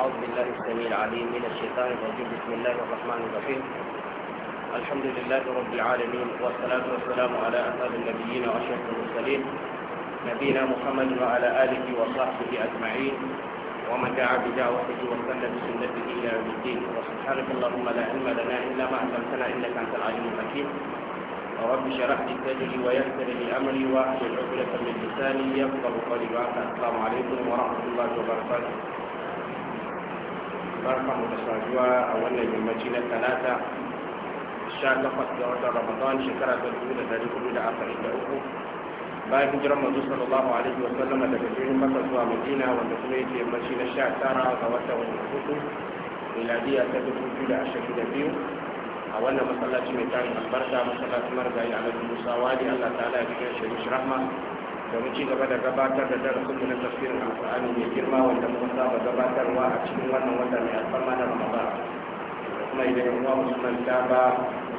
أعوذ بالله السميع العليم من الشيطان الرجيم بسم الله الرحمن الرحيم الحمد لله رب العالمين والصلاة والسلام على أسعد النبيين وأشرف المرسلين نبينا محمد وعلى آله وصحبه أجمعين ومن دعا بدعوته وسلم بسنته إلى يوم الدين وسبحانك اللهم لا علم لنا إلا ما علمتنا إنك أنت العليم الحكيم رب شرح لي صدري ويسر لي امري واحلل عقدة من لساني يفقه قولي وانت السلام عليكم ورحمة الله وبركاته barkanmu da saduwa a wannan yammaci na talata sha takwas da watan ramadan shekara ta dubu da dari hudu da arba'in da uku bayan hijirar manzo sallallahu alaihi wa sallama daga jirgin makka zuwa madina wanda kuma yake yammaci na sha tara ga watan hudu miladiya ta dubu biyu da ashirin da biyu a wannan masallaci mai tarin albarka masallacin marigayi alhaji musa wali allah ta'ala ya fi shi rahma domin ci gaba da gabatar da darasin mu na tafsirin alkur'ani mai girma wanda muka saba gabatarwa a cikin wannan wata mai alfarma na ramadan kuma idan yan uwa musulman ta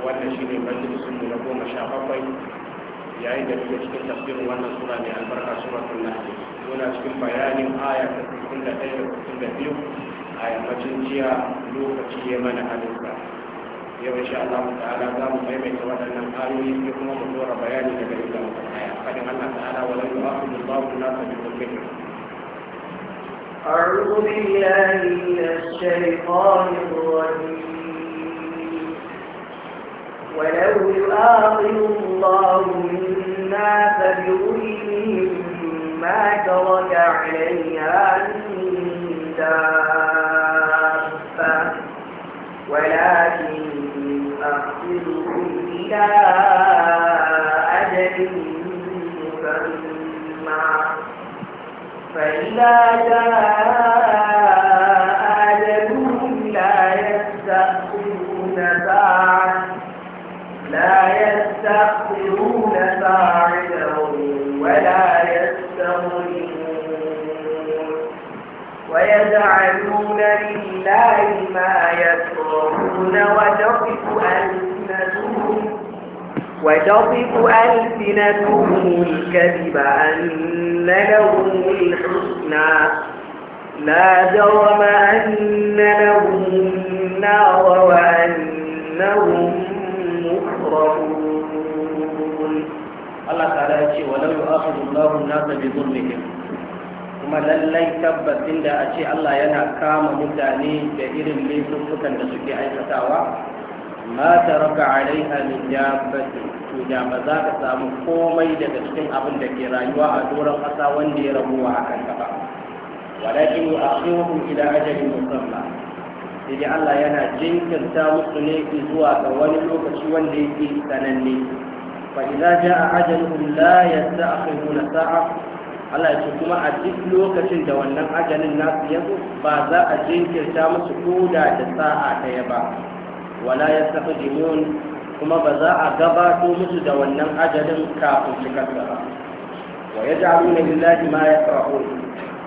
wannan shine majalisin mu na goma sha bakwai yayin da muke cikin tafsirin wannan sura mai albarka suratul nahl muna cikin bayanin aya ta 61 da 62 a yammacin jiya lokaci ya mana halinka yau insha Allah ta'ala za mu maimaita waɗannan ayoyi sai kuma mu dora bayani daga inda muka tsaya fadin Allah ta'ala wa la yu'akhidhu Allahu an-nasa bi dhunubihim أعوذ بالله من الشيطان الرجيم ولو يؤاخذ الله الناس بظلمهم ما ترك عليها من دابة ولكن نؤخركم إلى أجل مسمى فإذا جاء ويجعلون لله ما يكرهون وتصف ألسنتهم وتصف ألسنتهم الكذب أن لهم الحسنى لا جرم أن لهم النار وأنهم مكرمون الله تعالى يقول ولو يؤاخذ الله الناس بظلمهم kuma lallai tabbacin da a ce Allah yana kama mutane da irin laifukan da suke aikatawa ma ta raka alaiha min dabbati to da ba za ka samu komai daga cikin abin da ke rayuwa a doron ƙasa wanda ya rabuwa a kan ba walakin yu'akhiruhum ila ajalin musamma sai Allah yana jinkirta musu ne zuwa ga wani lokaci wanda yake sananne fa idza jaa ajaluhum la yasta'khiruna sa'a Allah ce kuma a duk lokacin da wannan ajalin nasu ya ba za a jinkirta musu koda da sa'a ɗaya ba wala ya saka jimun kuma ba za a gabato musu da wannan ajalin kafin cikar da ba wa ya ja'alu na lillahi ma ya farahu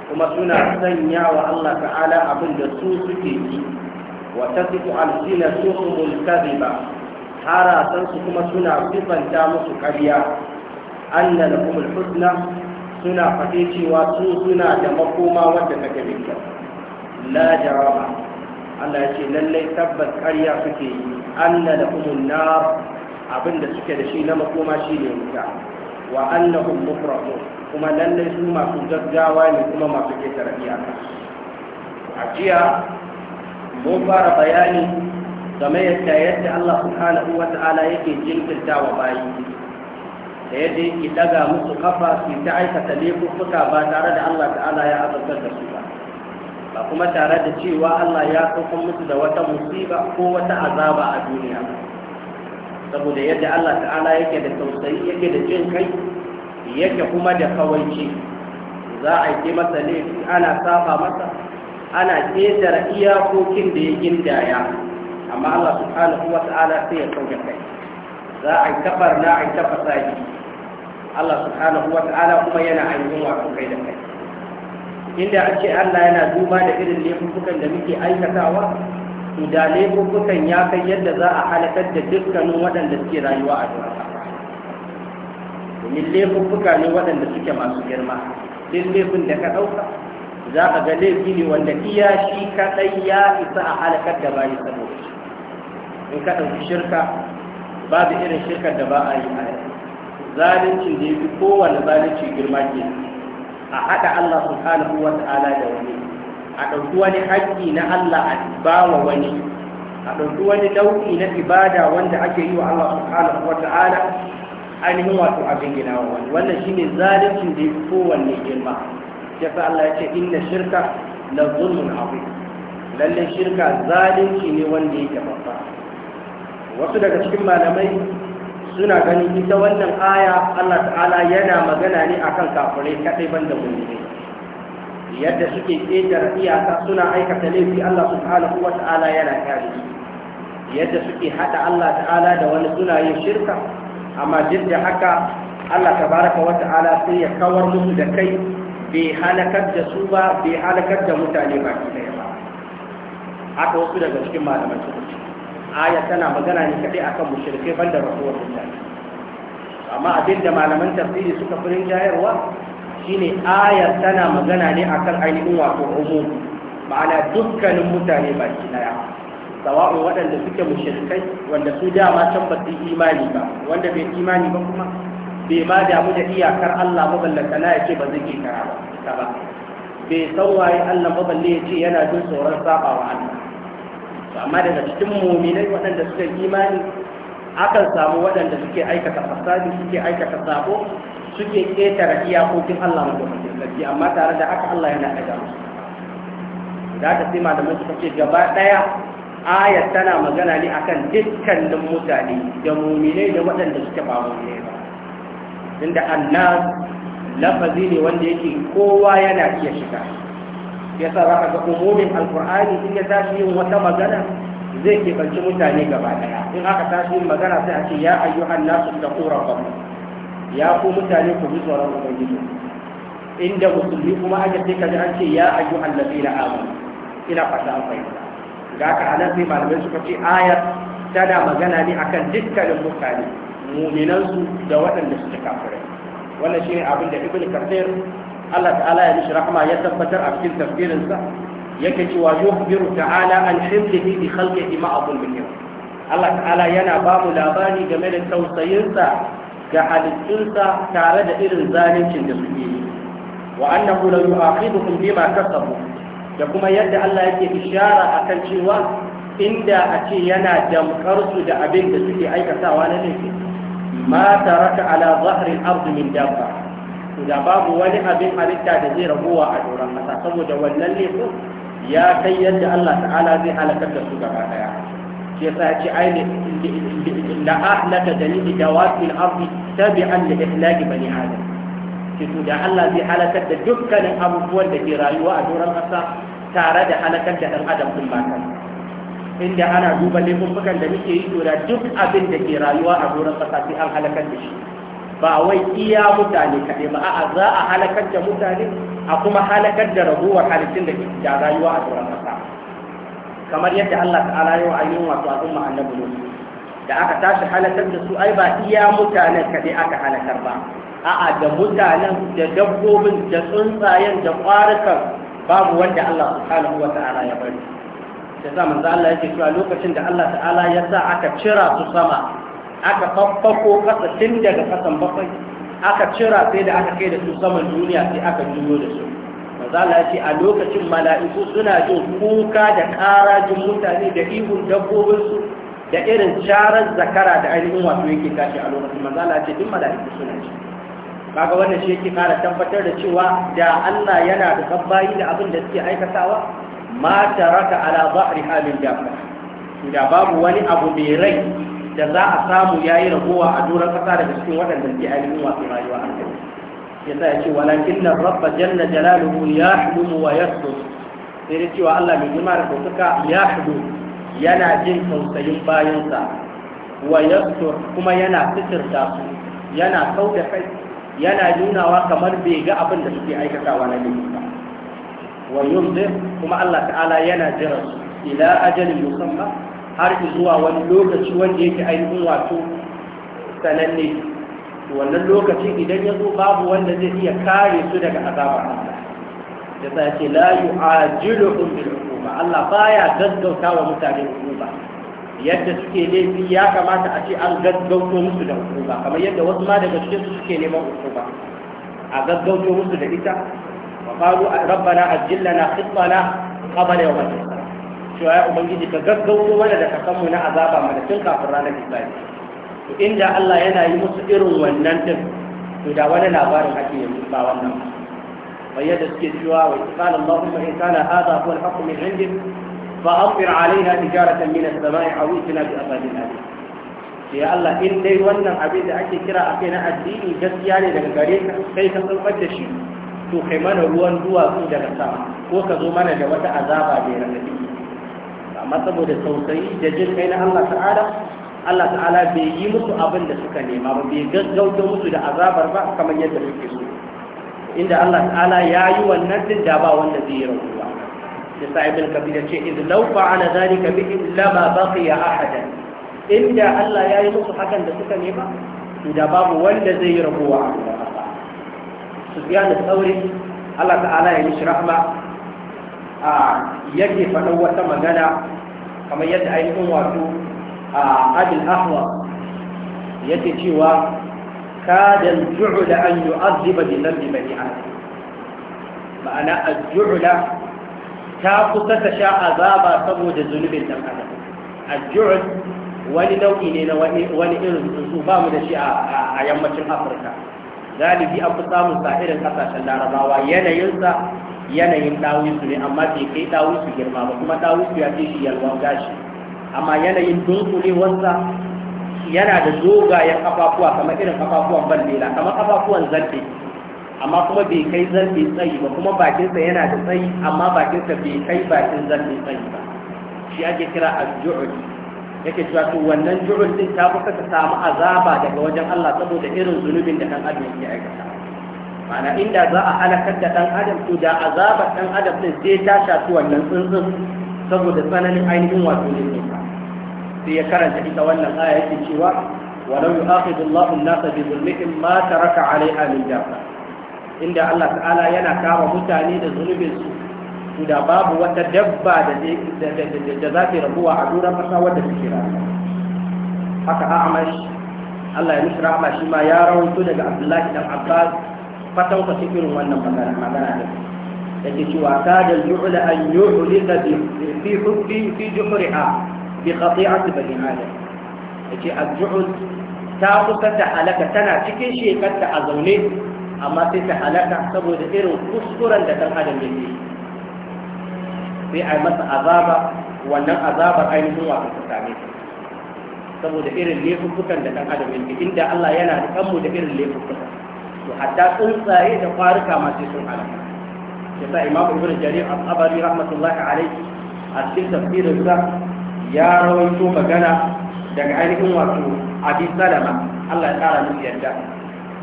kuma suna sanya wa Allah ta'ala abin da su suke yi wa tasifu alsina suhumul kadhiba harasan su kuma suna sifanta musu ƙarya anna lahumul husna suna faɗe cewa su suna da makoma wanda take mai kyau la jaraba Allah ya ce lallai tabbas ƙarya suke yi anna da umun na abin da suke da shi na makoma shi ne wuta wa annahum mufrahun kuma lallai su masu gaggawa ne kuma masu ke tarabiya a jiya mun fara bayani game yadda yadda Allah subhanahu wa ta'ala yake jinkirta wa bayi da yadda yake daga musu kafa su ta aikata laifuka ba tare da Allah ta'ala ya azabtar da su ba ba kuma tare da cewa Allah ya saukan musu da wata musiba ko wata azaba a duniya saboda yadda Allah ta'ala yake da tausayi yake da jin kai yake kuma da kawaici za a yi masa laifi ana saba masa ana ƙetare iyakokin da ya gindaya amma Allah subhanahu wa ta'ala sai ya sauke kai za a yi kafar na a yi tafasa Allah subhanahu wa ta'ala kuma yana ainihin wato kai da kai inda a ce Allah yana duba da irin laifukan da muke aikatawa to da laifukan ya kai yadda za a halakar da dukkanin waɗanda suke rayuwa a duniya domin laifuka ne waɗanda suke masu girma duk laifin da ka ɗauka za a ga laifi ne wanda iya shi kaɗai ya isa a halakar da bayi saboda in ka ɗauki shirka babu irin shirkar da ba a yi a zalunci da fi kowane zalunci girma ke a haɗa Allah subhanahu wa ta'ala da wani a ɗauki wani haƙƙi na Allah a bawa wani a ɗauki wani ɗauki na ibada wanda ake yi wa Allah subhanahu wa ta'ala ainihin wato abin gina wa wani wannan shi ne zalunci da fi kowanne girma yasa Allah ya ce inna shirka la zulmun azim lalle shirka zalunci ne wanda yake babba wasu daga cikin malamai suna ganin ita wannan aya Allah ta'ala yana magana ne akan kaɗai kadai da mu'minai yadda suke ƙetare iyaka suna aikata laifi Allah subhanahu wa ta'ala yana kare yadda suke hada Allah ta'ala da wani suna yin shirka amma duk da haka Allah tabaraka wa ta'ala sai ya kawar musu da kai bai halakar da su ba bai halakar da mutane baki ɗaya ba haka wasu daga cikin malaman su aya tana magana ne kadai akan mushrikai da rasuwar mutane amma abinda da malaman tafsiri suka firin jayarwa shine aya tana magana ne akan ainihin wato umum ma'ana dukkanin mutane baki daya sawa'un waɗanda suke mushrikai wanda su dama can ba su imani ba wanda bai imani ba kuma bai ma damu da iyakar Allah maballaka na ya ce ba zai ke kara ba bai san waye Allah maballe ya ce yana jin tsoron saba wa Allah amma daga cikin muminai waɗanda suka imani akan samu waɗanda suke aikata fasadi suke aikata sabo suke ƙetare iyakokin Allah madaukakin sarki amma tare da aka Allah yana ɗaga musu da haka sai malamai suka ce gaba ɗaya ayar tana magana ne akan dukkanin mutane da muminai da waɗanda suke ba muminai ba Inda annas lafazi ne wanda yake kowa yana iya shiga yasa za ka ga umumin alkur'ani in ya tashi yin wata magana zai banci mutane gaba daya in aka tashi yin magana sai a ce ya ayyuhan nasu da ƙoran babu ya ku mutane ku bi tsoron ubangiji inda musulmi kuma aka ce ka ji an ce ya ayyuhan ladina amanu ina fata an fahimta ga ka anan sai malamai suka ce ayar tana magana ne akan dukkanin mutane muminansu da waɗanda suke kafirai wannan shine abin da ibnu kathir Allah ta'ala ya mishi rahama ya tabbatar a cikin tafsirinsa yake cewa yuhbiru ta'ala an himlihi bi khalqihi ma'a dhulmihim Allah ta'ala yana ba mu labari game da tausayinsa ga halittunsa tare da irin zalincin da suke yi wa annahu la yu'aqibuhum bima kasabu da kuma yadda Allah yake ishara akan cewa inda a ce yana damkar su da abin da suke aikatawa na laifi ma taraka ala zahri al-ardi min dabba da babu wani abin halitta da zai ragowa a doron ƙasa saboda wannan laifin ya kai yadda Allah ta'ala zai halakar da su gaba daya shi yasa ya ce ai la ahlaka dalili dawatil ardi tabi'an li ihlaki bani adam Ke to da Allah zai halakar da dukkanin abubuwan da ke rayuwa a doron ƙasa tare da halakar da dan adam din ba inda ana duba laifukan da muke yi to da duk abin da ke rayuwa a doron ƙasa sai an halakar da shi ba wai iya mutane kaɗai ba a za a halakar da mutane a kuma halakar da raguwar halittun da ke da rayuwa a tsoron ƙasa kamar yadda Allah ta'ala ya wa ainihin wato a annabi Nuhu da aka tashi halakar da su ai ba iya mutanen kaɗai aka halakar ba a'a da mutanen da dabbobin da tsuntsayen da ƙwarukan babu wanda Allah subhanahu wa ta'ala ya bari da sa manzo Allah yake cewa lokacin da Allah ta'ala ya sa aka cira su sama aka faffako kasa tun daga kasan bakwai aka cira sai da aka kai da su saman duniya sai aka juyo da su manzo Allah ya ce a lokacin mala'iku suna jin kuka da karajin mutane da ihun dabbobinsu da irin charar zakara da ainihin wato yake tashi a lokacin manzo Allah ya ce duk mala'iku suna ji kaga wannan shi yake fara tabbatar da cewa da Allah yana da kabbayi da abin da suke aikatawa ma taraka ala zahriha halin dabba da babu wani abu mai rai da za a samu ya yi ragowa a doron ƙasa daga cikin waɗanda ke ainihin wasu rayuwa a kai ya sa ya ce walakin nan rabba janna jalaluhu ya hulumu wa ya sai da cewa allah mai jima da ɗaukaka ya hulu yana jin tausayin bayansa wa ya kuma yana fitirta su yana kau da kai yana nunawa kamar bai ga abin da suke aikatawa na laifi ba wa yunzir kuma allah ta'ala yana jiran su ila ajalin musamman har zuwa wani lokaci wanda yake ainihin wato sananne wannan lokaci idan ya zo babu wanda zai iya kare su daga azabar Allah da sa ce la yu'ajiluhum bil hukuma Allah baya gaggauta wa mutane hukuma yadda suke laifi ya kamata a ce an gaggauto musu da hukuma kamar yadda wasu ma daga cikin su suke neman hukuma a gaggauto musu da ita wa qalu rabbana ajil na khitana qabla yawm cewa ya ubangiji ka gaggauto mana da ka san mu na azaba mana tun kafin ranar hisabi to inda Allah yana yi musu irin wannan din to da wani labarin ake yanzu ba wannan bayyana da suke cewa wa qala Allahumma in kana hadha huwa al-haqqu min indik fa amtir alaina tijaratan min as-sama'i aw itina bi azabin alim ya Allah in dai wannan abin da ake kira akai na addini gaskiya ne daga gare ka sai ka tsamfar da shi to kai mana ruwan duwatsu daga sama ko ka zo mana da wata azaba bai ranaɗi amma saboda tausayi da jin kai na Allah ta'ala Allah ta'ala bai yi musu abin da suka nema ba bai gaggauta musu da azabar ba kamar yadda suke so inda Allah ta'ala ya yi wannan din da ba wanda zai yi rabuwa da sa'ibin kabila ce iz law fa'ala dhalika bihim lama baqiya ahada inda Allah ya yi musu hakan da suka nema to da babu wanda zai yi rabuwa biya da tsauri Allah ta'ala ya yi shirahma a yake faɗin wata magana kamar yadda ainihin wato a abin ahwa yake cewa kadan ju'ula an yu'azziba bi dhanbi bari'a ma'ana al ta kusa ta sha azaba saboda zunubin dan adam al wani nau'i ne na wani irin tsuntsu ba mu da shi a yammacin afirka galibi an fi samun sa irin kasashen larabawa yanayinsa yanayin ɗawisu ne amma bai kai ɗawisu girma ba kuma ɗawisu ya ce shi yalwan gashi amma yanayin dunkulewarsa yana da dogayen kafafuwa kamar irin kafafuwan ballela kamar kafafuwan zarfe amma kuma bai kai zarfe tsayi ba kuma bakinsa yana da tsayi amma bakinsa bai kai bakin zarfe tsayi ba shi ake kira al-ju'ud yake cewa to wannan ju'ud din ta fuka ta samu azaba daga wajen Allah saboda irin zunubin da kan adam ya aikata ma'ana inda za a halakar da ɗan adam to da azabar ɗan adam ɗin sai ta shafi wannan tsuntsun saboda tsananin ainihin wato ne sai ya karanta ita wannan aya yake cewa walau yu'akhidhu Allahu an-nasa bi dhulmihim ma taraka 'alayha min dabba inda Allah ta'ala yana kama mutane da zunubin su da babu wata dabba da da za ta rabuwa a duran fasa wadda take rayuwa haka Amash Allah ya nusra ma shi ma ya rawaito daga Abdullahi dan Abbas kwatankwacin irin wannan magana magana ne da ke cewa ta da yu'la an yu'lika fi hubbi fi juhriha bi qati'ati bani adam da az-zu'l ta kusa ta halaka tana cikin shekarta a zaune amma sai ta halaka saboda irin kuskuren da dan adam yake sai a masa azaba wannan azabar ainihin wato ta same ta saboda irin laifukan da dan adam yake inda Allah yana da kanmu da irin laifukan to hatta tsuntsaye da kwaruka masu sai sun halaka shi sa imam ibn jarir al-abari rahmatullahi alayhi a cikin tafsirin sa ya rawaito magana daga ainihin wato abi salama Allah ya kara miki yadda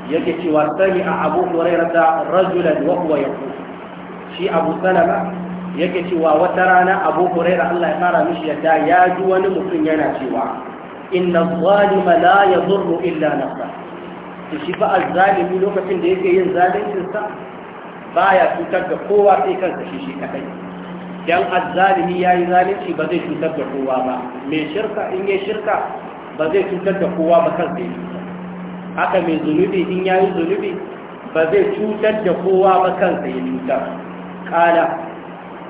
yake cewa sani a abu hurairar da rajulan wa huwa yaqul shi abu salama yake cewa wata rana abu huraira Allah ya fara mishi yadda ya ji wani mutum yana cewa inna zalima la yadurru illa nafsa to shi fa azzalimi lokacin da yake yin zalincin ba ya cutar da kowa sai kansa shi shi kadai dan azzalimi yayi zalunci ba zai cutar da kowa ba mai shirka in yayi shirka ba zai cutar da kowa ba kansa haka mai zunubi in yayi zunubi ba zai cutar da kowa ba kansa ya cutar kala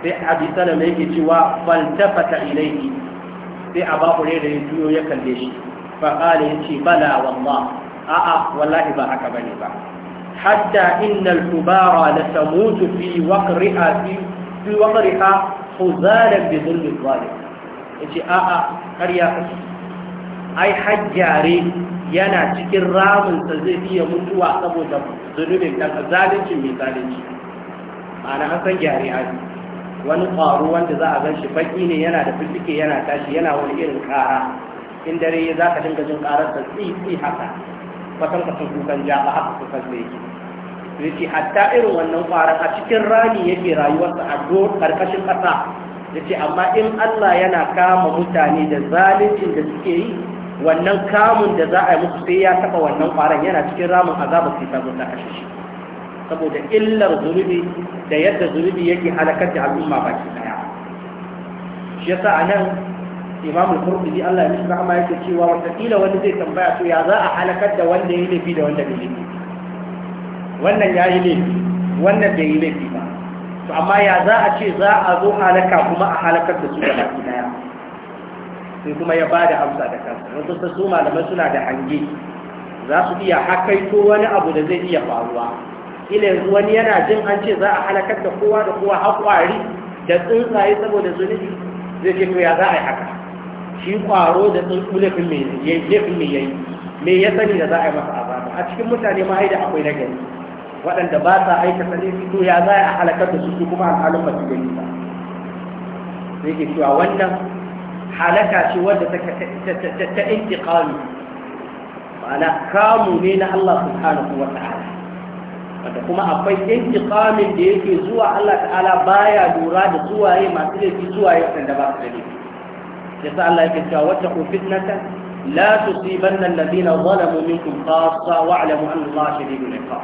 sai abi salama yake cewa faltafata ilaihi sai abu hurairah ya juyo ya kalle shi fa kala yace bala wallah a'a wallahi ba haka bane ba hatta innal kubara la tamutu fi waqriha fi fi waqriha huzalan bi dhulmi zalim yace a'a har ya kashi ai hajjare yana cikin ramin sa zai iya mutuwa saboda zulubin dan zalunci mai zalunci ma'ana an gyare hali wani ƙwaro wanda za a gan shi baki ne yana da fiffike yana tashi yana wani irin ƙara in dare za ka dinga jin ƙarar sa tsi tsi haka kwatan kwatan kukan ja ba haka da yake hatta irin wannan kwaran a cikin rami yake rayuwarsa a do karkashin kasa yace amma in Allah yana kama mutane da zaluncin da suke yi wannan kamun da za a yi musu sai ya taba wannan kwaran yana cikin ramin azaba sai ta ta shi saboda illar zunubi da yadda zunubi yake halakar da al'umma baki daya shi yasa anan imamul qurtubi Allah ya mishi rahama yake cewa wataƙila wani zai tambaya to ya za a halakar da wanda ya laifi da wanda bai laifi wannan ya yi laifi wannan bai yi laifi ba to amma ya za a ce za a zo halaka kuma a halakar da su da baki daya sai kuma ya bada amsa da kansa wasu su malaman suna da hange za su iya hakaito wani abu da zai iya faruwa ila yanzu wani yana jin an ce za a halakar da kowa da kowa haƙwari da tsuntsaye saboda zunubi zai ce to ya za a yi haka shi kwaro da laifin mai yayi me ya sani da za a yi masa azaba a cikin mutane ma haida akwai na gari waɗanda ba sa aikata laifi fito ya za a halakar da su kuma al'alun ba su gani ba sai ke cewa wannan halaka ce wadda ta intiqami ma'ana kamu ne na Allah subhanahu wa ta'ala wanda kuma akwai intiqamin da yake zuwa Allah ta'ala baya lura da zuwaye masu laifi zuwaye waɗanda ba su da laifi yasa Allah yake cewa wata ku fitnatan la tusibanna alladhina zalamu minkum khassa wa'lamu anna Allah shadidul iqab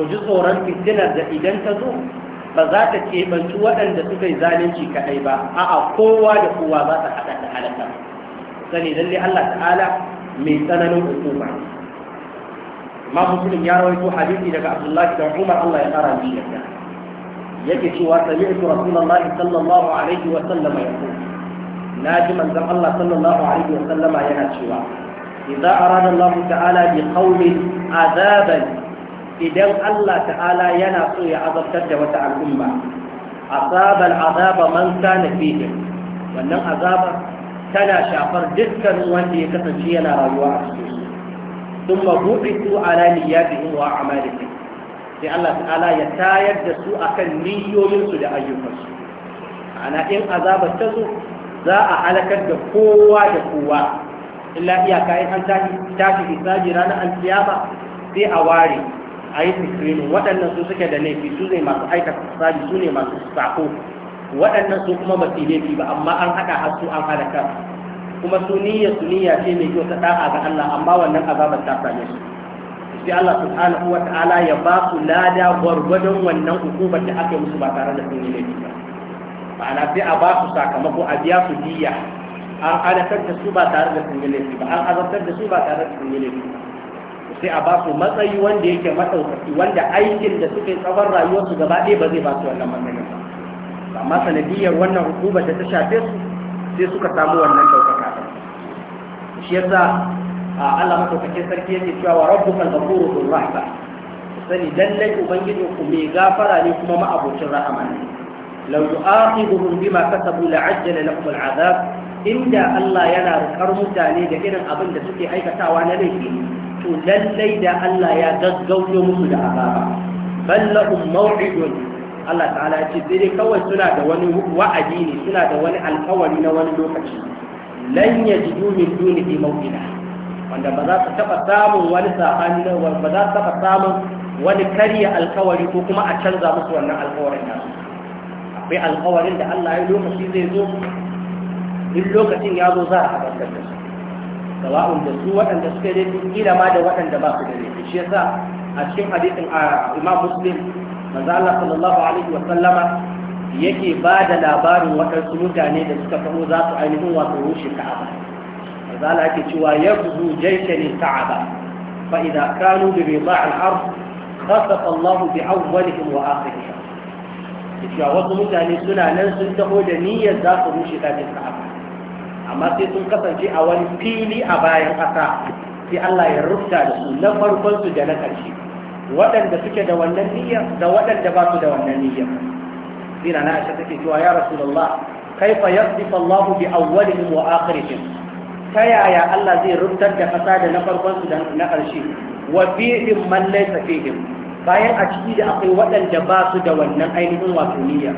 ku ji tsoron fitinar da idan ta zo ba za ta keɓanci waɗanda suka yi zalunci kaɗai ba a'a kowa da kowa za ta haɗa da halaka sani lalle Allah ta'ala mai tsananin hukuma ma muslim ya rawaito hadisi daga Abdullahi da Umar Allah ya tsara mishi yadda yake cewa sami'tu rasulullahi sallallahu alaihi wa sallam yaqul na ji manzan Allah sallallahu alaihi wa sallama yana cewa idza arada Allah ta'ala bi qaumin azaban idan Allah ta'ala yana so ya azabtar da wata al'umma asabal azaba man kana fihi wannan azaba tana shafar dukkan wanda ya kasance yana rayuwa a cikin su ثم بوعثوا على نياتهم وأعمالهم sai Allah ta'ala ya tayar da su akan niyoyinsu da ayyukansu ana in azaba ta zo za a halakar da kowa da kowa illa iyaka in an tashi hisabi ranar alkiyama sai a ware a yi screening waɗannan su suke da laifi su ne masu aikata hisabi su ne masu sako waɗannan su kuma ba su laifi ba amma an haɗa har an halakar kuma su niyya su niyya ce mai kyau ta ɗa'a ga Allah amma wannan azabar ta same su sai Allah subhanahu wa ta'ala ya ba su lada gwargwadon wannan hukumar da aka yi musu ba tare da sun yi laifi ba ma'ana sai a ba su sakamako a biya su diya an adatar da su ba tare da sun yi laifi ba an azabtar da su ba tare da sun yi laifi sai a ba su matsayi wanda yake matsaukaki wanda aikin da suke tsawon rayuwarsu gaba ɗaya ba zai ba su wannan matsayin ba amma sanadiyar wannan hukumar da ta shafe su sai suka samu wannan ɗaukaka shi yasa Allah madaukakin sarki yake cewa wa rabbukal ghafurur rahim sani lallai ubangijinku mai gafara ne kuma abokin rahama ne لو يؤاخذهم بما كسبوا لعجل لهم العذاب inda Allah yana rikar mutane da irin abin da suke aikatawa na laifi to lallai da Allah ya gaggauto musu da azaba ballahum maw'idun Allah ta'ala ya ce dai kawai suna da wani wa'adi ne suna da wani alkawari na wani lokaci lan wanda ba za su taɓa samun wani sabani ba za su taɓa samun wani karya alkawari ko kuma a canza musu wannan alkawarin nasu akwai alkawarin da Allah ya lokaci zai zo in lokacin ya zo za a haɓarkar da su sawa'un da su waɗanda suka yi daidai kila ma da waɗanda ba su da daidai shi yasa a cikin hadisin a imam muslim manzo Allah sallallahu alaihi wa sallama yake ba da labarin waɗansu mutane da suka faɗo za su ainihin wato rushe ka'aba manzo Allah yake cewa yaghzu jayshan ka'aba fa idza kanu bi bida'il ard khasafa Allah bi awwalihim wa akhirihim cewa wasu mutane suna nan sun taho da niyyar za su rushe dajin ka'aba amma sai sun kasance a wani fili a bayan ƙasa sai Allah ya rufta da su na farkon su da na ƙarshe waɗanda suke da wannan niyyar da waɗanda ba su da wannan niyyar sai na Aisha take cewa ya Rasulullah kaifa yasdifu Allah bi awwalihim wa akhirihim ta yaya Allah zai ruftar da ƙasa da na farkon su da na ƙarshe wa fihim man laysa fihim bayan a ciki da akwai waɗanda ba su da wannan ainihin wato niyya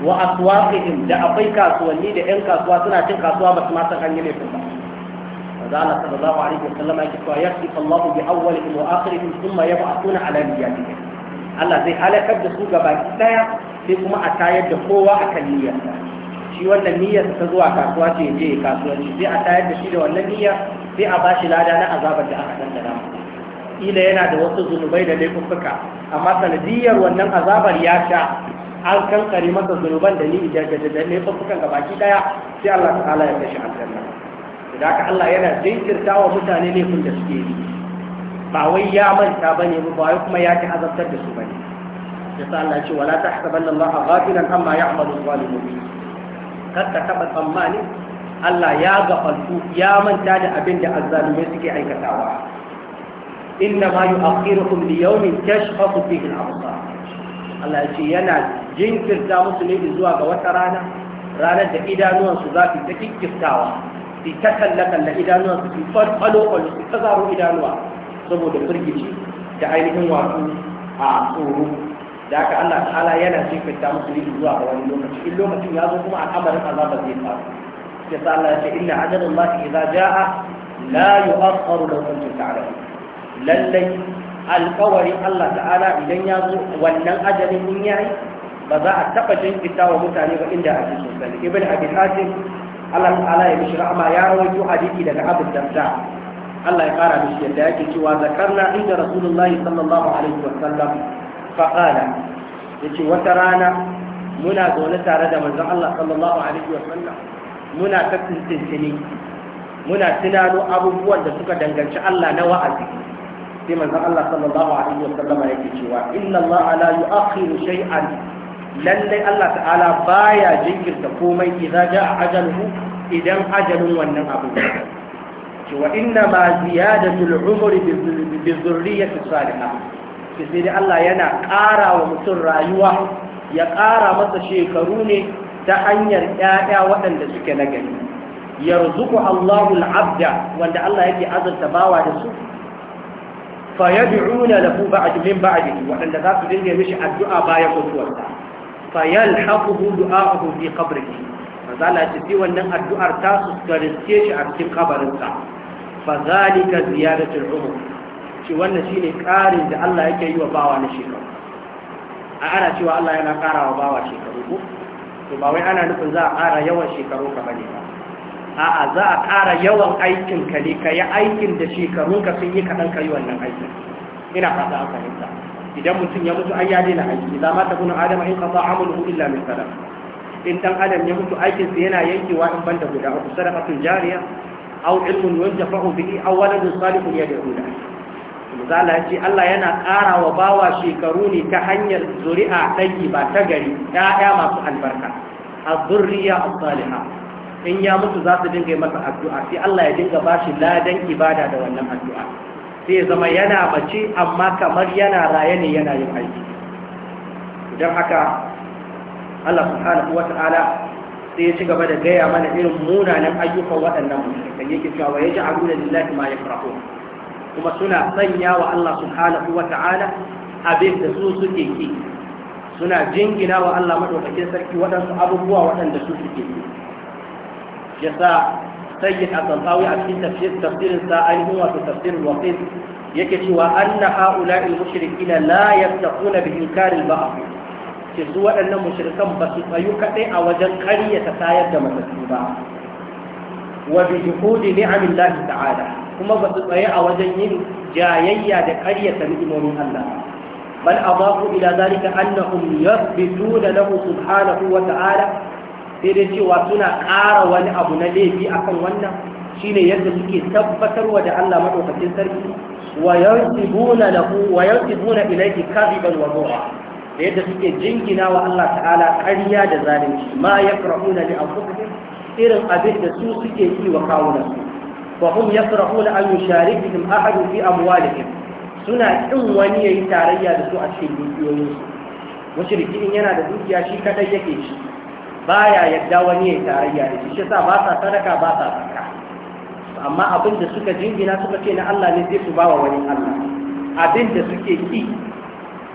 wa aswaqihim da akwai kasuwanni da ƴan kasuwa suna cin kasuwa ba su ma san an yi laifin wa فقال صلى الله عليه وسلم يخلف الله بأولهم وآخرهم ثم يبعثون على نياتهم Allah zai halakar da su gaba daya sai kuma a tayar da kowa a kan niyyarsa shi wannan niyyar ta zuwa kasuwa ce je kasuwanci sai a tayar da shi da wannan niyyar sai a bashi lada na azabar da aka dandana kila yana da wasu zunubai da laifuka amma sanadiyar wannan azabar ya sha an kankare masa zunuban da ni da laifukan ga baki daya sai Allah ta'ala ya kashi aljanna da haka Allah yana jinkirta wa mutane laifin da suke yi ba wai ya manta ba ne ba wai kuma ya ki azabtar da su ba ne. bane yasa Allah ya ce wala tahsabanna Allah ghafilan amma ya'malu zalimun kar ka taba tsammani Allah ya gafaltu ya manta da abin da azzalumai suke aikatawa إنما يؤخركم ليوم تشخص فيه الأبصار Allah ce yana jinkirta musu ne zuwa ga wata rana ranar da idanuwan su za su ta kikkiftawa su ta kalla-kalla idanuwansu su falfalo-falo su ta zaro idanuwa saboda firgici da ainihin wasu a tsoro da aka Allah ta'ala yana jinkirta musu ne zuwa ga wani lokaci in lokacin ya zo kuma al'amarin azaba zai faru ya sa Allah ya ce inna ajalun ma idza jaa la yu'akhkharu law kuntum ta'lamun lallai alkawarin Allah ta'ala idan ya zo wannan ajalin in yayi ba za a taɓa jinkita wa mutane ba inda a jisun sani ibn abi hatim Allah ta'ala ya mishi amma ya rawaito hadisi daga abu darda Allah ya fara mishi yadda yake cewa zakarna inda rasulullahi sallallahu alaihi wa sallam fa qala yace wata rana muna zaune tare da manzon Allah sallallahu alaihi wa sallam muna ta muna tunano abubuwan da suka danganci Allah na wa'azi sai manzon Allah sallallahu alaihi wasallama yake cewa inna Allah la yu'akhiru shay'an lalle Allah ta'ala baya jinkirta komai idan ja ajaluhu idan ajalin wannan abu ce wa inna ma ziyadatul umri bi zurriyyati salihah ke sai dai Allah yana ƙara wa mutum rayuwa ya ƙara masa shekaru ne ta hanyar ƴaƴa waɗanda suke na Yanzu yarzuqu Allahu al-abda wanda Allah yake azurta bawa da su fa yad'una lahu ba'd min ba'dihi wadanda za su dinga mishi addu'a bayan mutuwarsa Fayal yalhaquhu du'a'uhu fi qabrihi manzo Allah ya wannan addu'ar ta su gariske shi a cikin kabarinsa fa zalika ziyadatul umur shi wannan shine karin da Allah yake yi wa bawa na shekaru a ana cewa Allah yana karawa bawa shekaru ko to ba wai ana nufin za a kara yawan shekaru ka bane ba a'a za a ƙara yawan aikin ka ne ka yi aikin da shekarun ka sun yi kaɗan ka yi wannan aikin ina fata a fahimta idan mutum ya mutu an ya daina aiki za ma ta kuna adama in qata amaluhu illa min sadaq in dan adam ya mutu aikin sa yana yankewa in banda guda da sadaqatun jariya aw ilmun yunjafa'u bihi aw waladun salihun yad'u lahu misali ya ce Allah yana ƙara wa bawa shekaru ne ta hanyar zuri'a ɗaki ba ta gari ɗaya masu albarka a zurriya a saliha in ya mutu za su dinga masa addu'a sai Allah ya dinga ba shi ladan ibada da wannan addu'a sai ya zama yana mace amma kamar yana raye ne yana yin aiki don haka Allah subhanahu wa ta'ala sai ya ci gaba da gaya mana irin munanan ayyukan waɗannan mushrikai yake cewa wa yaj'aluna lillahi ma yafrahun kuma suna sanya wa Allah subhanahu wa ta'ala abin da su suke ki suna jingina wa Allah madaukakin sarki waɗansu abubuwa waɗanda su suke ki yasa sayyid al-tantawi a cikin tafsir tafsirin sa ainihin wato tafsirin waqif yake cewa anna ha'ula'il mushrikina la yattaquna bi inkar al-ba'th ce su waɗannan mushrikan ba su tsayu kaɗai a wajen ƙaryata tayar da matattu ba wa bi juhudi ni'amillahi ta'ala kuma ba su tsaye a wajen yin jayayya da ƙaryata ni'imomin Allah bal adafu ila zalika annahum yathbituna lahu subhanahu wa ta'ala sai dai cewa suna ƙara wani abu na laifi a kan wannan Shi ne yadda suke tabbatarwa da Allah madaukakin sarki wa yansibuna lahu wa yansibuna ilayhi kadiban wa zuwa da yadda suke jingina wa Allah ta'ala ƙarya da zalunci ma ya yakrahuna li anfusihim irin abin da su suke yi wa kawunan su wa hum yakrahuna an yusharikihim ahadun fi amwalihim suna kin wani ya yi tarayya da su a cikin dukiyoyinsu mushriki yana da dukiya shi kadai yake shi Ba ya yadda wani ya tarayya da shi shi sa ba sa sadaka ba sa zaka amma abin da suka jingina suka ce na Allah ne zai su bawa wani Allah abin da suke ki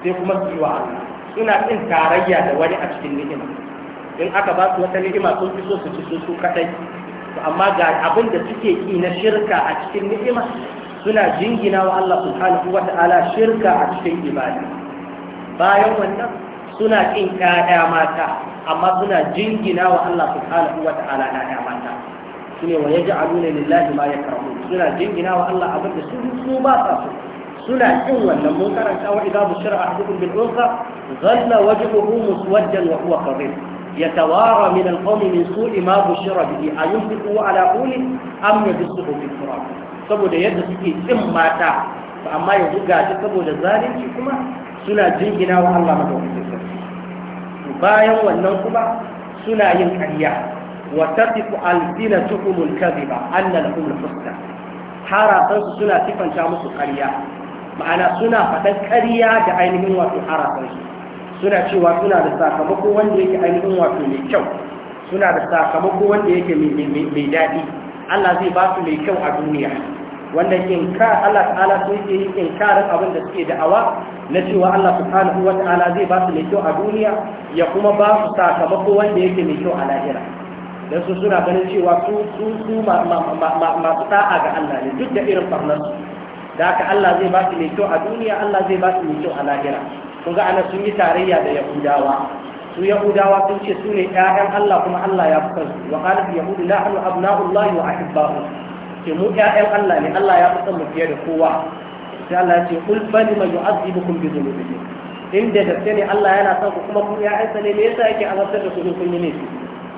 sai kuma su yi wa Allah suna kin tarayya da wani a cikin ni'ima in aka ba su wata ni'ima sun fi so su ci su su kadai to amma ga abin da suke ki na shirka a cikin ni'ima suna jingina wa Allah subhanahu wa ta'ala shirka a cikin ibada bayan wannan suna kin kada mata amma suna jingina wa Allah subhanahu wa ta'ala na ya mata shine wa yaj'aluna lillahi ma yakrahu suna jingina wa Allah abin da su su ba sa so suna kin wannan mun karanta wa idza bushira ahadukum bil unsa dhalla wajhuhu muswaddan wa huwa kadhib يتوارى من القوم من سوء ما بشر به أينفقه على قوله أم يدسه في التراب saboda yadda suke tsin mata amma yanzu gashi saboda zalunci kuma suna jingina wa Allah madaukakin bayan wannan kuma suna yin ƙarya wa tasifu alzina tuhumul kadhiba anna lahum al-husna harasan su suna sifanta musu ƙarya ma'ana suna faɗan ƙarya da ainihin wato harasan suna cewa suna da sakamako wanda yake ainihin wato mai kyau suna da sakamako wanda yake mai daɗi Allah zai ba su mai kyau a duniya wanda Allah ta'ala sun ke yi inkarin abin da suke da'awa na cewa Allah subhanahu wa ta'ala zai ba su mai kyau a duniya ya kuma ba su sakamako wanda yake mai kyau a lahira dan su suna ganin cewa su su su masu ga Allah ne duk da irin farnan su da haka Allah zai ba su mai kyau a duniya Allah zai ba su mai kyau a lahira kun ga ana sun yi tarayya da Yahudawa su Yahudawa sun ce su ne Allah kuma Allah ya fi kansu wa qalat yahudu nahnu abna'ullahi wa ahibba'uhu ce mu ƴaƴan Allah ne Allah ya kusan mu fiye da kowa sai Allah ya ce kul bali ma yu'azibukum bi dhunubikum inda da ne Allah yana son ku kuma kun sa ne me yasa yake azabtar da ku in kun yi ne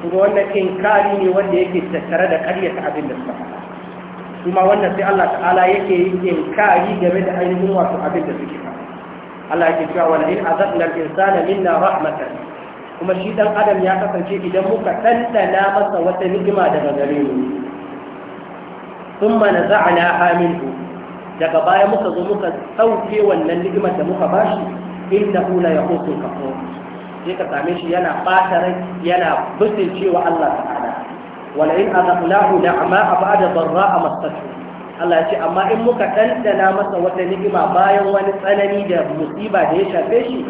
kuma wannan inkari ne wanda yake tattare da ƙaryata abin da suka faɗa kuma wannan sai Allah ta'ala yake yin inkari game da ainihin wato abin da suke faɗa Allah yake cewa wala in azabna al-insana minna rahmatan kuma shi dan adam ya kasance idan muka tantana masa wata ni'ima daga gare mu sun mana za'ana haminku daga baya muka zo muka sauke wannan ni'imar da muka ba bashi inda hula ya hukun kafo sai ka same shi yana ɓata rai yana bisin cewa Allah ta'ala wala in azaqnahu na'ma ba'da a masatu Allah ya ce amma in muka ɗanɗana masa wata ni'ima bayan wani tsanani da musiba da ya shafe shi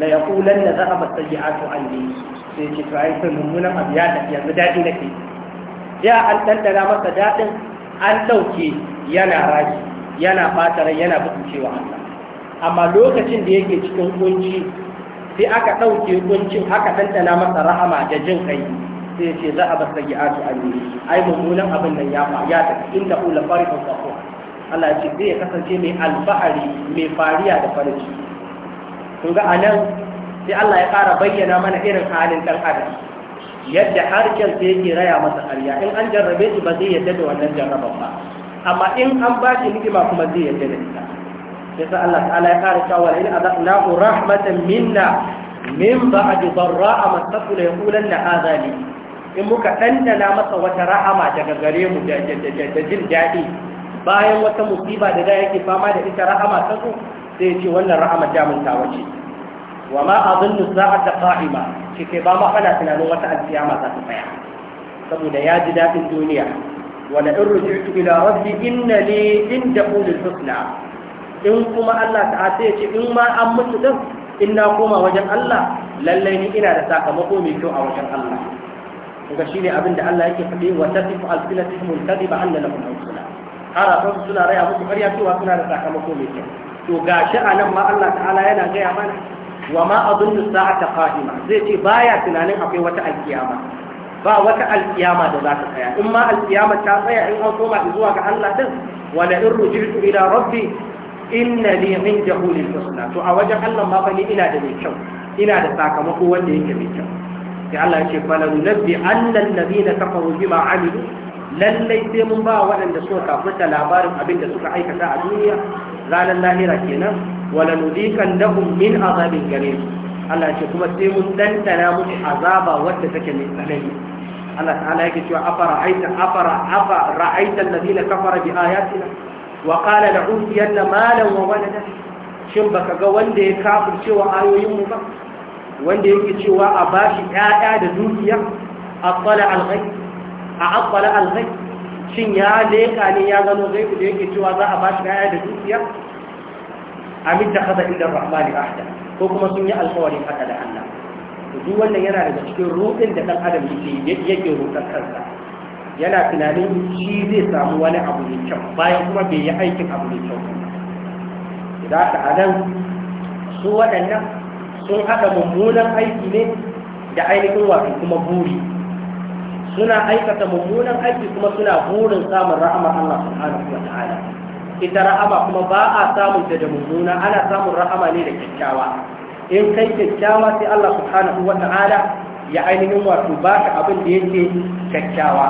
la yaqulanna dhahaba sayyi'atu anni sai ce to ai sai mummunan abu ya tafi yanzu dadi nake ya an ɗanɗana masa dadin an ɗauke yana raki yana fatarai yana bukucewa Allah amma lokacin da yake cikin kunci sai aka ɗauke kuncin aka ɗanɗana masa rahama da jin kai sai ce za a basa yi aji a nuni ai mummunan abin nan ya ya tafi inda ula farifin sako Allah ce zai kasance mai alfahari mai fariya da farin ciki kun ga anan sai Allah ya ƙara bayyana mana irin halin ɗan adam yadda harshen sai yake raya masa ƙarya in an jarrabe shi ba zai yadda da wannan jarraban ba amma in an ba shi ni'ima kuma zai yadda da ita sa Allah ta'ala ya ƙara cewa in azaqnahu rahmatan minna min ba'di darra'a masatu la yaqulanna hadha li in muka dandana masa wata rahama daga gare mu da jin daɗi bayan wata musiba da da yake fama da ita rahama ta zo sai ya ce wannan rahama ta mun ta wace wa ma azunnu sa'ata qa'ima shi kai ba ma tunanin wata alkiyama za ta tsaya saboda ya ji dadin duniya wala in ruji'tu ila rabbi inna li inda ulul husna in kuma Allah ta ce ce in ma an mutu din in na koma wajen Allah lallai ni ina da sakamako mai kyau a wajen Allah kuma shine abin da Allah yake faɗi wa tasifu alsinatuhum kadhiba anna lahum husna harafan suna raya musu ƙarya cewa suna da sakamako mai kyau to gashi nan ma Allah ta'ala yana gaya mana wa ma abin da ta qa'ima zai ce baya tunanin akwai wata alkiyama ba wata alkiyama da za ta tsaya in ma alkiyama ta tsaya in an koma zuwa ga Allah din wa la in rujirtu ila rabbi inna li indahu lil husna to a wajen Allah ma fa ni ina da mai kyau ina da sakamako wanda yake mai kyau sai Allah ya ce falalu nabbi annal ladina kafaru bima amilu lallai sai mun ba waɗanda suka kafirta labarin abin da suka aikata a duniya ranar lahira kenan wala nuzikan dahum min azabin gare Allah ce kuma sai mun dantana musu azaba wadda take mai tsanani Allah ta'ala yake cewa afara aita afara afa ra'aita alladhina kafara bi ayatina wa qala la'utiyanna malan wa walada shin baka ga wanda ya kafirce wa ayoyin mu ba wanda yake cewa a bashi ƴaƴa da dukiya aqala al-ghayb a aqala al shin ya leka ne ya gano gaibu da yake cewa za a bashi ƴaƴa da dukiya amin da kaza inda rahmani ahda ko kuma sun yi alkawarin haka da Allah duk wannan yana daga cikin rudin da dan adam yake yake rudar kansa yana tunanin shi zai samu wani abu mai kyau bayan kuma bai yi aikin abu mai kyau da ta anan su waɗannan sun haɗa mummunan aiki ne da ainihin wato kuma buri suna aikata mummunan aiki kuma suna burin samun ra'amar Allah subhanahu wa ta'ala ita rahama kuma ba a samun ta da mummuna ana samun rahama ne da kyakkyawa in kai kyakkyawa sai Allah subhanahu wa ta'ala ya ainihin wato baka abin da yake kyakkyawa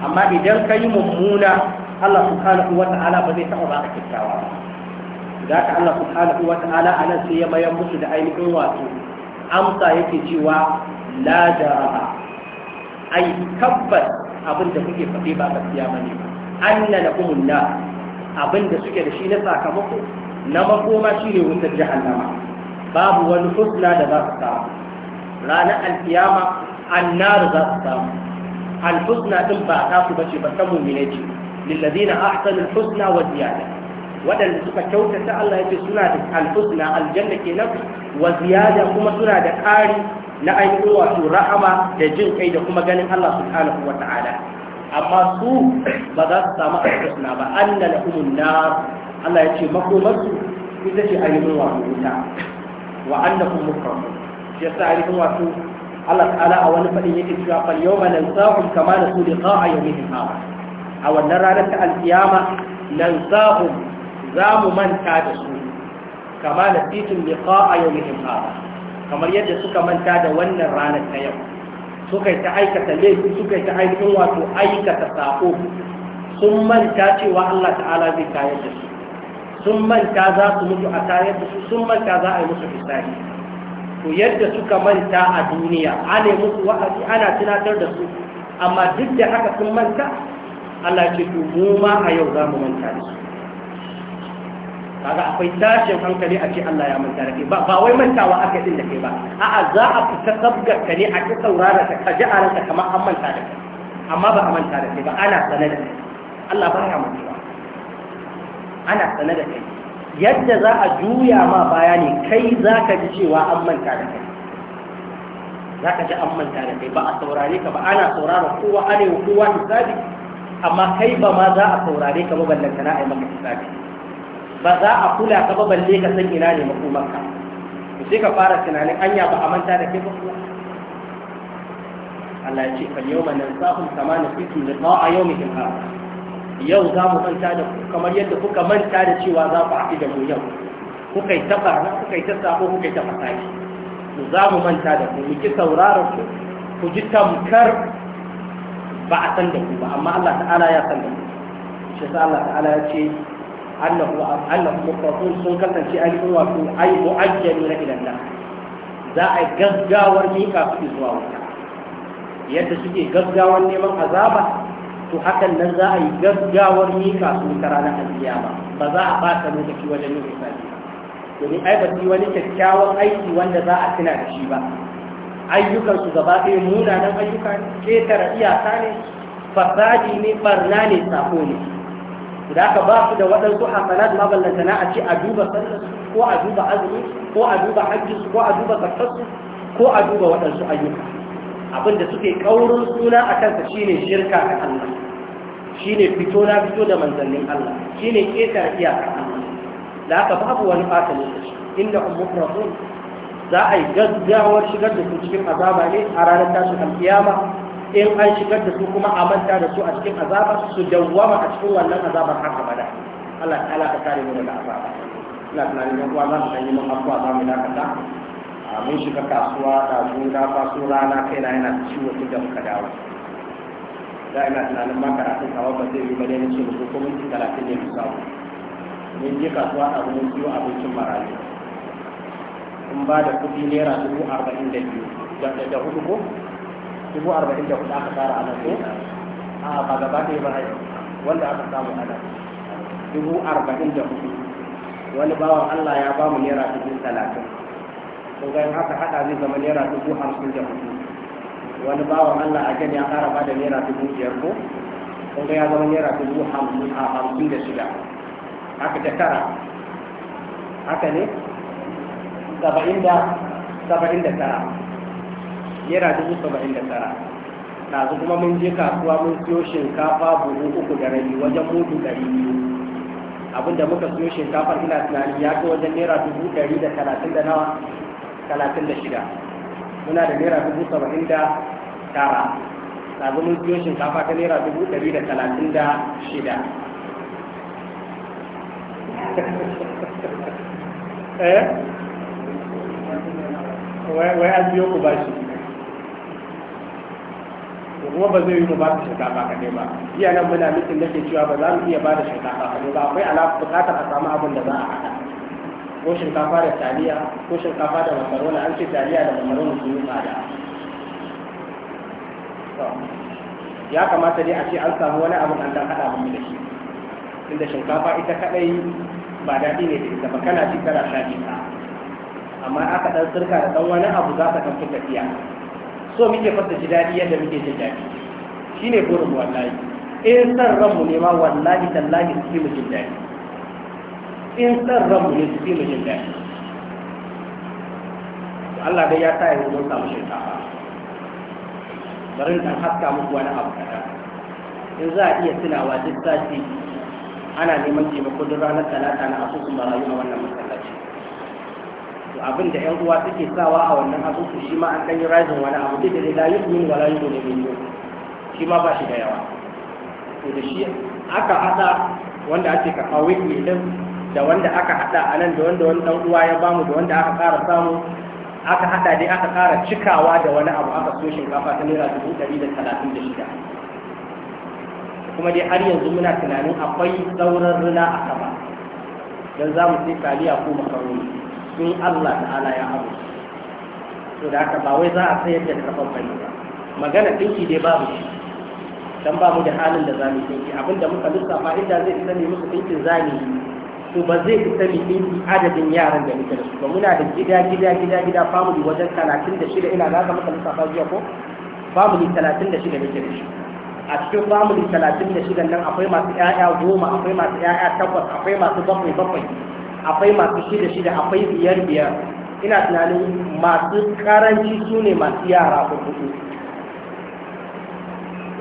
amma idan ka yi mummuna Allah subhanahu wa ta'ala ba zai taɓa ba baka kyakkyawa da ka Allah subhanahu wa ta'ala a nan sai ya mayar musu da ainihin wato amsa yake cewa la jaraba ai tabbas abin da kuke faɗi ba gaskiya bane anna lakumun nar abin da suke da shi na sakamako na makoma shi ne wutar jahannama babu wani husna da za su samu ranar an annar za su samu alhusna din ba ta su bace ba ta mummine ce Lillazi lillazina ahsanul husna wa ziyada waɗanda suka kyautata Allah ya ce suna da alhusna aljanna kenan wa ziyada kuma suna da ƙari na ainihin wato rahama da jin kai da kuma ganin Allah subhanahu wa ta'ala amma su ba za su samu alƙasna ba an na lahumun Allah ya ce makomarsu ita ce ainihin wato wuta wa an na kuma kawo shi yasa ainihin wato Allah ta'ala a wani faɗin yake cewa fal yau ma nan sahun kama da su liƙa a yau mihin hawa a wannan ranar ta alƙiyama nan sahun za mu manta da su kama da titin liƙa a yau mihin hawa kamar yadda suka manta da wannan ranar ta yau suka yi ta aikata laifi suka yi ta ainihin wato aikata sako sun manta cewa Allah ta'ala zai kayar da su sun manta za su mutu a kayar da su sun manta za a yi musu hisabi to yadda suka manta a duniya ana musu wa'azi ana tunatar da su amma duk da haka sun manta Allah ce to mu ma a yau za mu manta da su kaga akwai tashin hankali a ce Allah ya manta da kai ba ba wai mantawa aka din da kai ba a'a za a fita sabgar ne a ta saurara ta kaji a ranka kamar an manta da kai amma ba a manta da kai ba ana sane da kai Allah ba ya mantuwa ana sane da kai yadda za a juya ma baya ne kai za ka ji cewa an manta da kai za ka ji an manta da kai ba a saurare ka ba ana saurara kowa arewa kowa hisabi amma kai ba ma za a saurare ka ba ballantana a yi maka hisabi ba za a kula ka ba balle ka san ina ne makomarka to sai ka fara tunanin anya ba a manta da kai ba kuwa Allah ya ce fal yawma nansahum kama nasitum liqa'a yawmihim a yau Yau za mu manta da ku kamar yadda kuka manta da cewa za ku haɗu da mu yau kuka yi tafa na kuka yi tasa ko kuka yi tafa tashi to za mu manta da ku mu ki sauraron ku ku ji tamkar ba a san da ku ba amma Allah ta'ala ya san da ku shi sa Allah ta'ala ya ce annahu annahu mutafun sun kasance ainihin wato ai mu'ajjalu na ilan nan za a gaggawar mika su zuwa wuta yadda suke gaggawar neman azaba to hakan nan za a yi gaggawar mika su ta ranar alkiyama ba za a bata lokaci wajen yin hisabi domin ai ba su yi wani kyakkyawan aiki wanda za a tuna da shi ba ayyukansu gaba ɗaya munanan ayyuka ne ƙetare iyaka ne fasadi ne barna ne sako ne da aka ba su da waɗansu hasanat ma ballanta na a ce a duba sallarsu ko a duba azumi ko a duba hajjinsu ko a duba zakarsu ko a duba waɗansu ayyuka abin da suke ƙaurin suna a kansa shine shirka ga Allah shine fito na fito da manzannin Allah shine ƙetar iyaka Allah da aka babu wani ɓata lokaci inda ummukratun za a yi gaggawar shigar da su cikin azaba ne a ranar tashin alkiyama in an shigar da su kuma a manta da su a cikin azaba su dawwama a cikin wannan azabar har abada Allah ala ka kare mu daga azaba ina tunanin yan uwa za mu dan yi mun abuwa za mu dakata a mun shiga kasuwa da mun dafa fasu rana kai na yana ciwo tun da muka dawo da ina tunanin ma karatun kawai ba zai yi ba ne na ce mutum ko minti talatin ne mu samu mun je kasuwa a mun a abincin marayu in ba da kuɗi naira dubu arba'in da biyu da hudu ko dubu arba'in da hudu aka tsara a nan ko a ba gaba ɗaya ba wanda aka samu a nan dubu arba'in da hudu wani bawan Allah ya ba mu naira dubu talatin kun ga haka hada zai zama naira dubu hamsin da hudu wani bawan Allah a gani ya ƙara ba da naira dubu biyar ko kun ga ya zama naira dubu hamsin da shida haka ta tara haka ne saba'in da saba'in da tara naira dubu saba'in da tara ɗazu kuma mun je kasuwa mun siyo shinkafa buhu uku da rabi wajen mutu ɗari biyu abinda muka siyo shinkafar ina tunani ya fi wajen naira dubu ɗari da talatin da nawa talatin da shida muna da naira dubu saba'in da tara su mun siyo shinkafa ta naira dubu ɗari da talatin da shida eh wai an biyo ku shi kuma ba zai yi mu ba su shinkafa kaɗai ba iya nan muna da ke cewa ba za mu iya ba da shinkafa kaɗai ba akwai alaƙa buƙatar a samu abin da za a haɗa ko shinkafa da taliya ko shinkafa da makaroni an ce taliya da makaroni sun yi tsada ya kamata dai a ce an samu wani abin an dan haɗa mu da shi inda shinkafa ita kaɗai ba daɗi ne da ita ba kana ci kana sha ta amma aka ɗan sirka da ɗan wani abu za ka kan fi tafiya so muke fata ji daɗi yadda muke jin daɗi shi ne burin wallahi in san ranmu ne ma wallahi tallahi su fi mu jin daɗi in san ranmu ne su fi mu jin daɗi Allah dai ya sa yanzu mun samu shinkafa bari in haska muku wani abu kada in za a iya tunawa duk sati ana neman taimako duk ranar talata na asusun marayu a wannan masallaci to abin da yan uwa suke sawa a wannan abu su shi ma an ɗan yi rajin wani abu duk da la yu'min wala yu'min min shi ma ba shi da yawa to da shi aka hada wanda ake karɓa ne din da wanda aka hada a nan da wanda wani ɗan uwa ya bamu da wanda aka ƙara samu aka hada dai aka ƙara cikawa da wani abu aka so shinkafa ta naira dubu ɗari da talatin da shida kuma dai har yanzu muna tunanin akwai sauran rina a kaba. don za mu sai taliya ko makaroni in Allah ta'ala ya hamu to da haka ba wai za a sayar da kafan bane ba magana ɗinki dai babu shi dan ba mu da halin da zamu dinki abinda muka lissafa inda zai isa ne musu ɗinkin zani to ba zai isa ne ɗinki adadin yaran da muke da su ba muna da gida gida gida gida family wajen talatin da shida, ina za ka muka lissafa zuwa ko family shida muke da shi a cikin family shida nan akwai masu 'ya'ya goma akwai masu 'ya'ya takwas akwai masu bakwai bakwai akwai masu shida shida akwai biyar biyar ina tunanin masu karanci su ne masu yara ko hudu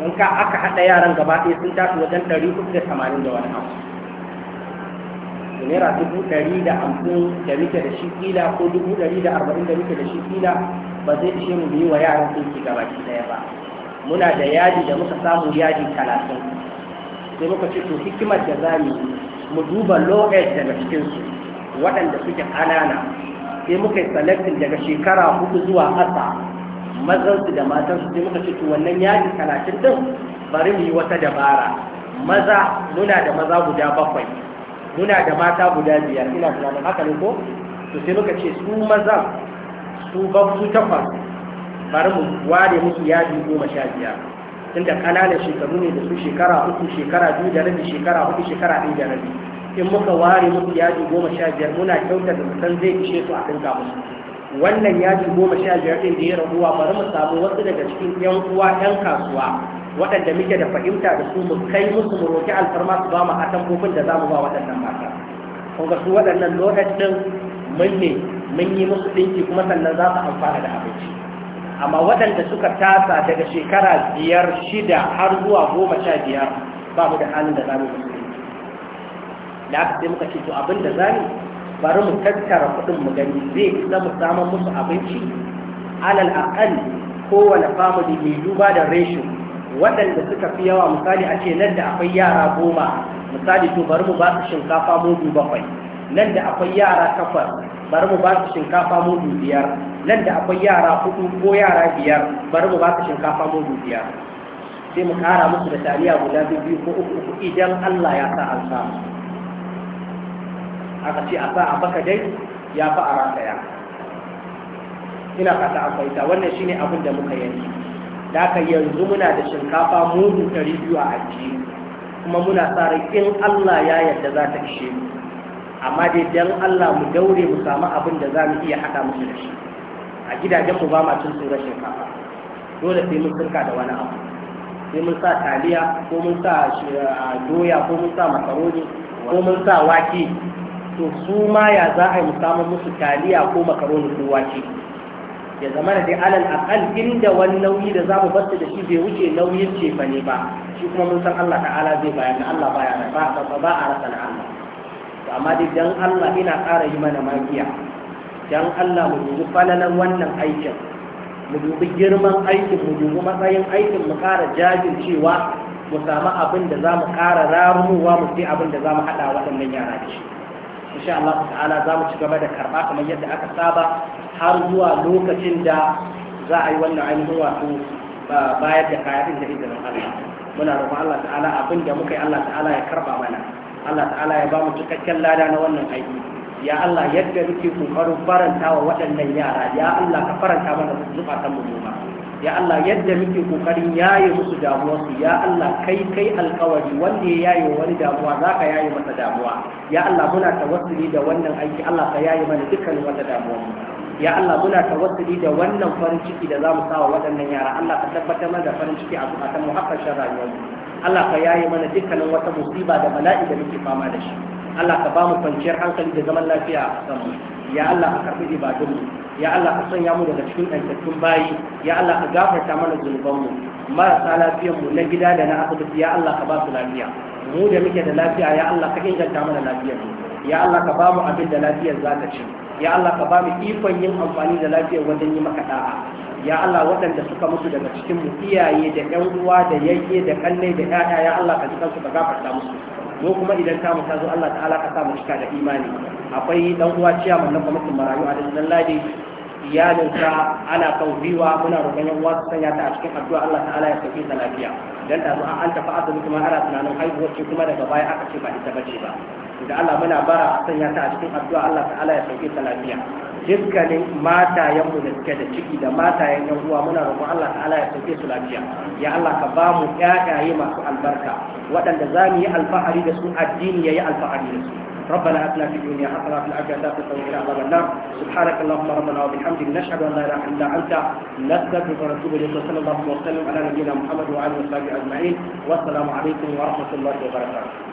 in ka aka haɗa yaran gaba ɗaya sun tashi wajen ɗari uku da tamanin da wani abu naira dubu ɗari da hamsin da rike da shi kila ko dubu ɗari da arba'in da rike da shi kila ba zai ishe mu biyu wa yaran ke gaba ki ɗaya ba muna da yaji da muka samu yaji talatin sai muka ce to hikimar da za mu duba low daga cikinsu waɗanda suke ƙanana sai muka yi salatin daga shekara hudu zuwa ƙasa mazansu da matansu sai muka ce to wannan yaji talatin din bari mu yi wata dabara maza muna da maza guda bakwai muna da mata guda biyar ina tunanin haka ne ko to sai muka ce su maza su ba su takwas bari mu ware musu yaji goma sha biyar tunda ƙananan shekaru ne da su shekara uku shekara biyu da rabi shekara uku shekara ɗaya da rabi in muka ware musu yaji goma sha biyar muna kyauta da san zai ishe su a dinka musu wannan yaji goma sha biyar ɗin da ya rabuwa bari mu samu wasu daga cikin yan uwa yan kasuwa waɗanda muke da fahimta da su mu kai musu mu roki alfarma su ba mu atamfofin da za mu ba waɗannan mata kun ga su waɗannan lokacin ɗin mun ne mun yi musu ɗinki kuma sannan za su amfana da abinci amma waɗanda suka tasa daga shekara biyar shida har zuwa goma sha biyar ba mu da halin da za mu da aka sai muka ce to abin da zamu bari mu tattara kuɗin mu gani zai isa mu samun musu abinci alal aqal kowane family mai duba da ratio waɗanda suka fi yawa misali a ce nan da akwai yara goma misali to bari mu ba su shinkafa mudu bakwai nan da akwai yara takwas bari mu ba su shinkafa mudu biyar nan da akwai yara hudu ko yara biyar bari mu ba su shinkafa mudu biyar sai mu kara musu da taliya guda biyu ko uku idan Allah ya sa an samu aka ce a sa a baka dai ya fi a ya ina fata a kwaita wannan shine abin da muka yanki da aka yanzu muna da shinkafa mudu ɗari biyu a ajiye kuma muna sa rai in Allah ya yarda za ta ishe mu amma dai dan Allah mu daure mu samu abin da za mu iya haɗa musu da shi a gidajen mu ba ma cin tsoron shinkafa dole sai mun turka da wani abu sai mun sa taliya ko mun sa doya ko mun sa makaroni ko mun sa wake to su ma ya za a yi samun musu taliya ko makaroni ko wake ya zama da dai alal akal inda wani nauyi da za mu basta da shi bai wuce nauyin cefa ne ba shi kuma mun san Allah ta'ala zai bayan Allah baya da ba ba ba a rasa na Allah to amma dai dan Allah ina ƙara yi mana magiya dan Allah mu dubi falalan wannan aikin mu dubi girman aikin mu dubi matsayin aikin mu ƙara cewa mu samu abin da za mu ƙara ramuwa mu sai abin da za mu haɗa waɗannan yara da shi insha Allah ta'ala za mu ci gaba da karɓa kamar yadda aka saba har zuwa lokacin da za a yi wannan ainihin wato bayar da kayan da izinin Allah muna roƙon Allah ta'ala abin da muka yi Allah ta'ala ya karɓa mana Allah ta'ala ya ba mu cikakken lada na wannan aiki ya Allah yadda muke kokarin faranta wa waɗannan yara ya Allah ka faranta mana zukatan mu ba ya Allah yadda muke kokarin yaye musu damuwarsu ya Allah kai kai alkawari wanda ya yaye wani damuwa za ka yaye masa damuwa ya Allah muna tawassuli da wannan aiki Allah ka yaye mana dukkanin wata damuwa ya Allah muna tawassuli da wannan farin ciki da za mu sawa waɗannan yara Allah ka tabbatar mana da farin ciki a zukatan mu hakkashin rayuwar Allah ka yaye mana dukkanin wata musiba da bala'i da muke fama da shi Allah ka ba mu kwanciyar hankali da zaman lafiya a mu ya Allah ka karɓi ibadunmu ya Allah ka sanya mu daga cikin ɗantattun bayi ya Allah ka gafarta mana zunubanmu marasa lafiyanmu na gida da na asibiti ya Allah ka ba su lafiya mu da muke da lafiya ya Allah ka inganta mana lafiyar ya Allah ka ba mu abin da lafiyar za ta ci ya Allah ka ba mu ikon yin amfani da lafiyar wajen yi maka da'a ya Allah waɗanda suka mutu daga cikin mu iyaye da ƴan uwa da yayye da kalle da ƴaƴa ya Allah ka ji ka gafarta musu ko kuma idan ta mu zo Allah ta'ala ka sa mu cika da imani akwai dan uwa ciya mun nan mutum marayu a dalilin ladi iyalinsa ana kan gwiwa muna roƙon yan uwa su sanya ta a cikin addu'a Allah ta'ala ya sauke ta lafiya dan ta zo an tafi asibiti ma ana tunanin haihuwar ce kuma daga baya aka ce ba ita bace ba da Allah muna bara a sanya ta a cikin addu'a Allah ta'ala ya sauke ta lafiya dukkanin matayen mu da suke da ciki da matayen yan uwa muna roƙon Allah ta'ala ya sauke su lafiya ya Allah ka ba mu ƴaƴaye masu albarka waɗanda za mu yi alfahari da su addini ya yi alfahari da su ربنا اتنا في الدنيا حسنه وفي الاخره حسنه وقنا عذاب النار سبحانك اللهم ربنا وبحمدك نشهد ان لا اله الا انت نستغفرك ونتوب اليك وصلى الله وسلم على نبينا محمد وعلى اله وصحبه اجمعين والسلام عليكم ورحمه الله وبركاته